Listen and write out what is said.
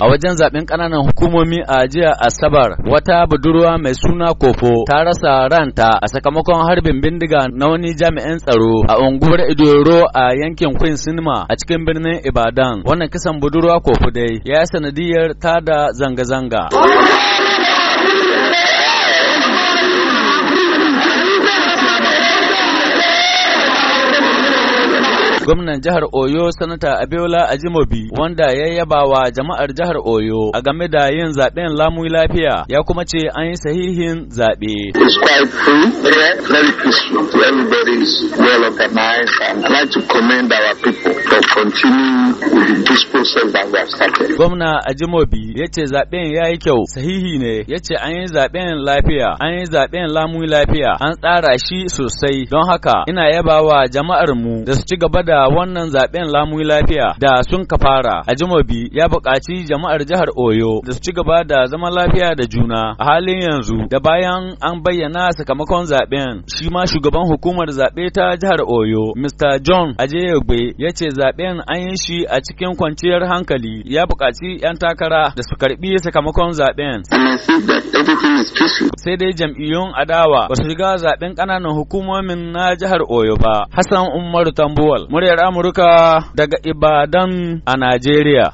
A wajen zaben ƙananan hukumomi a jiya Asabar, wata budurwa mai suna Kofo ta rasa ranta a sakamakon harbin bindiga na wani jami'an tsaro a unguwar Idoro a yankin Queen Cinema a cikin birnin Ibadan. Wannan kisan budurwa Kofo dai ya sanadiyar da zanga-zanga. Gwamnan jihar Oyo Sanata Abiola Ajimobi wanda ya yaba wa jama'ar jihar Oyo a game da yin zaben lamu lafiya ya kuma ce an yi sahihin zaɓe. Well organized and I like to commend our people. but continue with the process that we have Gwamna Ajimobi ya ce zaɓen ya yi kyau sahihi ne ya ce an yi zaɓen lafiya an yi zaɓen lamun lafiya an tsara shi sosai don haka ina yabawa jama'ar mu da su ci gaba da wannan zaɓen lamun lafiya da sun ka fara. Ajimobi ya buƙaci jama'ar jihar Oyo da su ci gaba da zama lafiya da juna a halin yanzu da bayan an bayyana sakamakon zaɓen shi ma shugaban hukumar zaɓe ta jihar Oyo Mr. John Ajeyegbe ya ce zaben an yi shi a cikin kwanciyar hankali ya bukaci 'yan takara da su karɓi sakamakon zaben. Sai dai jam'iyyun adawa ba su shiga zaben ƙananan hukumomin na jihar Oyo ba. Hassan Umaru Tambuwal, muryar Amurka daga Ibadan a Najeriya.